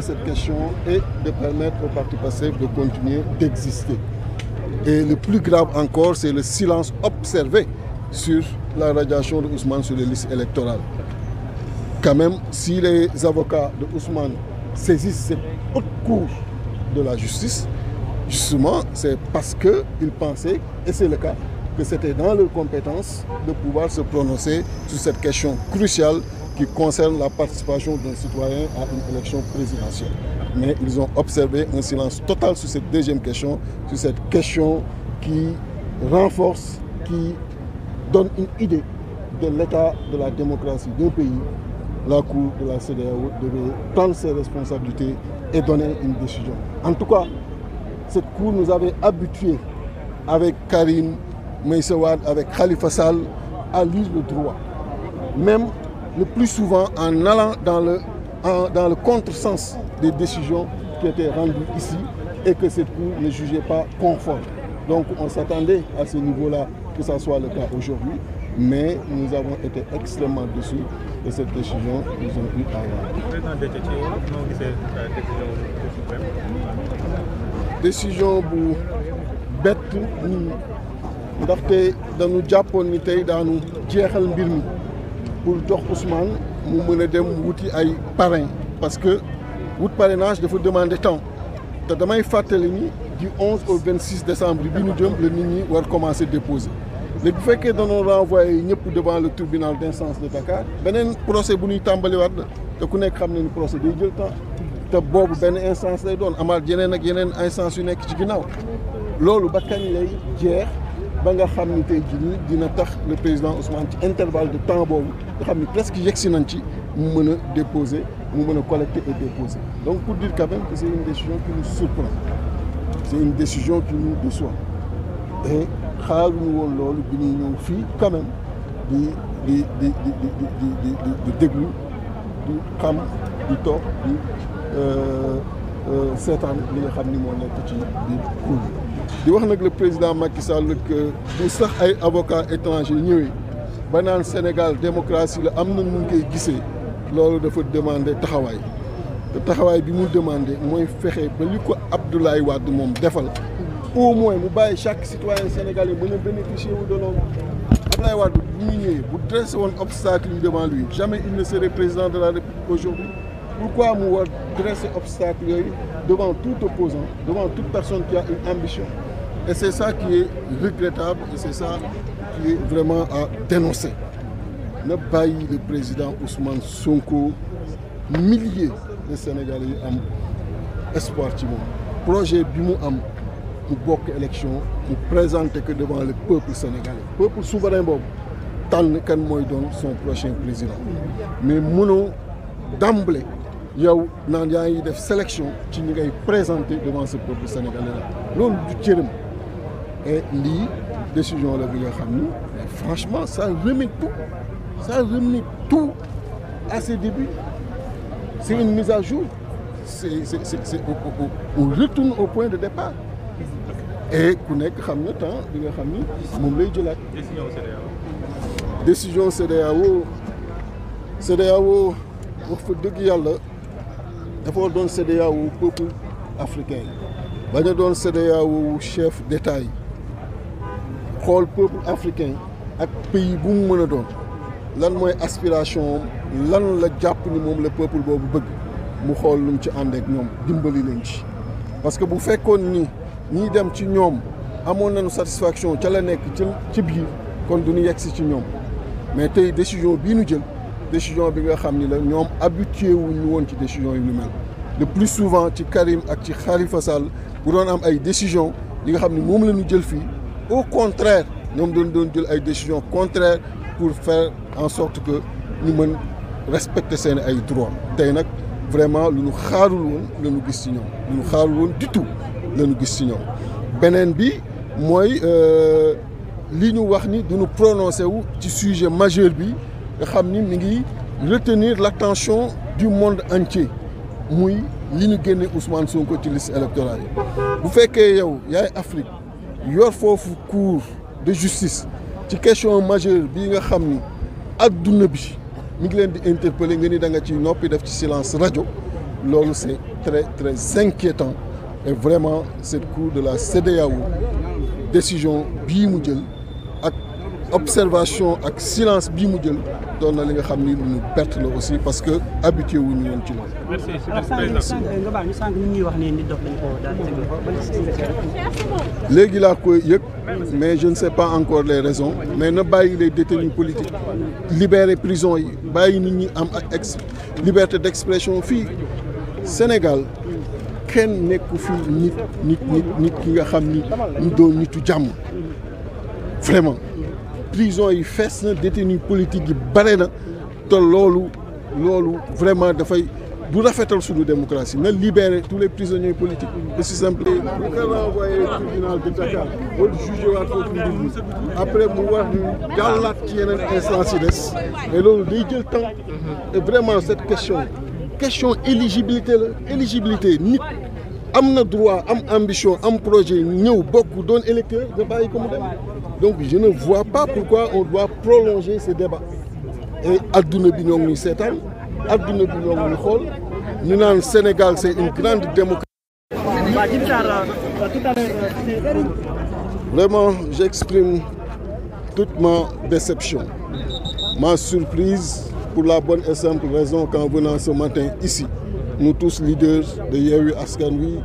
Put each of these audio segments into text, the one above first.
cette question et de permettre au Parti passé de continuer d'exister. Et le plus grave encore, c'est le silence observé sur la radiation de Ousmane sur les listes électorales. Quand même, si les avocats de Ousmane saisissent cette haute cour de la justice, justement, c'est parce qu'ils pensaient, et c'est le cas, que c'était dans leur compétences de pouvoir se prononcer sur cette question cruciale qui concerne la participation d'un citoyen à une élection présidentielle. Mais ils ont observé un silence total sur cette deuxième question, sur cette question qui renforce, qui donne une idée de l'état de la démocratie d'un pays. La Cour de la CDAO devait prendre ses responsabilités et donner une décision. En tout cas, cette Cour nous avait habitués avec Karim Meissawad, avec Khalifa Sall, à lire le droit. Même le plus souvent en allant dans le, dans le contresens des décisions qui étaient rendues ici et que cette Cour ne jugeait pas conforme. Donc on s'attendait à ce niveau-là que ça soit le cas aujourd'hui, mais nous avons été extrêmement déçus de cette décision euh, nous ont à euh, décision pour nous nous fait dans nos japon, nous pour dox Ousmane mu mën a dem wuti ay parrain parce que wut parrainage dafa demander temps te damay fàttali ni du 11 au 26 décembre bi ñu jëm le nit ñi war commencer déposer léegi bu fekkee dañoo renvoyé ñëpp devant le tribunal d'instance de Dakar beneen procès bu ñuy tàmbaliwaat la te ku nekk xam ne ni procès day jël temps te boobu benn instance lay doon amaat yeneen ak yeneen instance yu nekk ci ginnaaw loolu ba kañ lay jeex ba nga xam ni le président Ousmane intervalle de temps presque yegsi nañ ci collecter et déposer donc pour dire quand même que c'est une décision qui nous surprend C'est une décision qui nous déçoit et quand même di di di di di di déglu di di wax le président Macky Sall que bu ay avocats étrangers ñëwee ba Sénégal démocratie la am na mu koy gisee loolu dafa demander taxaway te taxawaay bi mu demander moy fexé ba liko Abdoulaye Wade mom defal au moins mu baye chaque citoyen sénégalais bénéficie bénéficier de l'homme. Abdoulaye Wade bu ñu bu dressé won obstacle devant lui jamais il ne serait président de la République aujourd'hui pourquoi nous dresser obstacle devant tout opposant devant toute personne qui a une ambition et c'est ça qui est regrettable et c'est ça qui est vraiment à dénoncer Ne bàyyi le président Ousmane Sonko milliers de Sénégalais ont espoir projet du pour am élection présente présenter que devant le peuple sénégalais Le peuple souverain tant que kan son prochain président mais nous, d'emblée il y a une sélection qui nous ngay présenter devant ce peuple sénégalais Le but du film et la décision la bi nga franchement ça remet tout ça remet tout à ses débuts c'est une mise à jour on retourne au point de départ et ku nekk xam na temps bi nga c'est ni moom lay jëlaat décision décision, c'est de fa dëgg yàlla faut donner CDA au peuple africain Il faut CDA au chef d'état pour peuple africain ak pays bu a aspiration lan la jàpp ni le peuple boobu bëgg mu lu ci ak parce que bu fekkoon ni ñiy dem ci ñoom satisfaction ca la nekk ci ci biir kon du ñu si ci décision décision bi nga xamni la ñom habitué wuñu won ci décision yu mel le plus souvent ci Karim ak ci Khalifa Sall bu doon am ay décision yi nga xamni mom moom la ñu jël fi au contraire ñom doon doon jël ay décision contraire pour faire en sorte que ñu mën respecter seen ay droits tay nak vraiment lu ñu xaarul woon la ñu gis ci ñom lu ñu xaarul woon du tout la ñu gis ci ñom benen bi mooy euh, li ñu wax ni duñu prononcer wu ci sujet majeur bi nga faut retenir l'attention du monde entier muy li Ousmane Sonko ci liste électorale Afrique cour de justice ci question majeure nga qui silence radio, C'est très très inquiétant et vraiment cette cour de la CEDEAO décision observation ak silence bi mu jël doona li nga xamni lu ñu perte la aussi parce que habitué wu ñu ci lool merci nga euh, baal ñu koy yek mais je ne sais pas encore les raisons mais ne bàyyi les détenus politiques libérer prison yi bàyyi nit ñi am ak ex liberté d'expression fi Sénégal Ken nekku fi nit nit nit ki nga xamni ni ñu doon nitu jamm vraiment prison yi fess na détenu politique yi bare na te loolu loolu vraiment fay du rafetal suñu démocratie na libérer tous les prisonniers politiques aussi simple. bu ko au tribunal de Dakar wala jugé waat foofu mbir après mu wax ñu jàllaat ci yeneen instance yi des et loolu day jël temps et vraiment cette question question éligibilité éligibilité nit amna droit am ambition am projet nous, beaucoup doon électeurs. donc je ne vois pas pourquoi on doit prolonger ce débat et bi ñong ni ñuy aduna nous bi Sénégal c'est une grande démocratie. Vraiment, j'exprime toute ma déception, ma surprise pour la bonne et simple raison qu'en venant ce matin ici, nous tous leaders de Yéhu Askanui,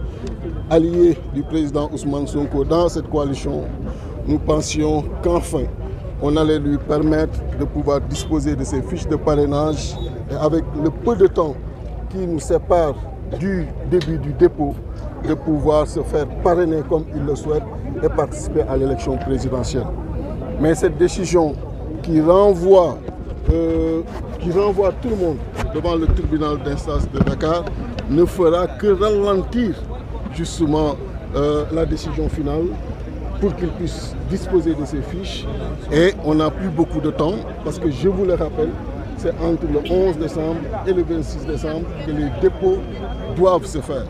alliés du président Ousmane Sonko dans cette coalition, nous pensions qu'enfin, on allait lui permettre de pouvoir disposer de ses fiches de parrainage. Et avec le peu de temps qui nous sépare du début du dépôt, de pouvoir se faire parrainer comme il le souhaite et participer à l'élection présidentielle. Mais cette décision qui renvoie, euh, qui renvoie tout le monde devant le tribunal d'instance de Dakar ne fera que ralentir justement euh, la décision finale pour qu'il puisse disposer de ses fiches. Et on n'a plus beaucoup de temps parce que je vous le rappelle, c'est entre le 11 décembre et le 26 décembre que les dépôts doivent se faire.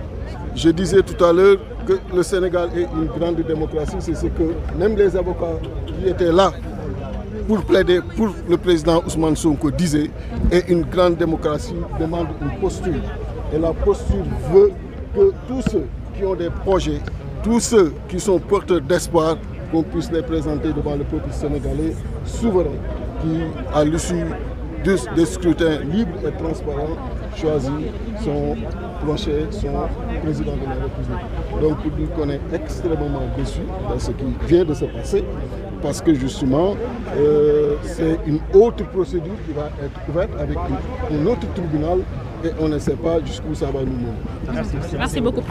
Je disais tout à l'heure que le Sénégal est une grande démocratie, c'est ce que même les avocats qui étaient là pour plaider pour le président Ousmane Sonko disait, et une grande démocratie demande une posture. Et la posture veut que tous ceux qui ont des projets, tous ceux qui sont porteurs d'espoir, qu'on puisse les présenter devant le peuple sénégalais souverain qui, à l'issue des scrutins libres et transparents, choisit son prochain, son président de la République. Donc nous extrêmement déçus dans ce qui vient de se passer, parce que justement, euh, c'est une autre procédure qui va être ouverte avec un autre tribunal et on ne sait pas jusqu'où ça va nous mener. Merci beaucoup.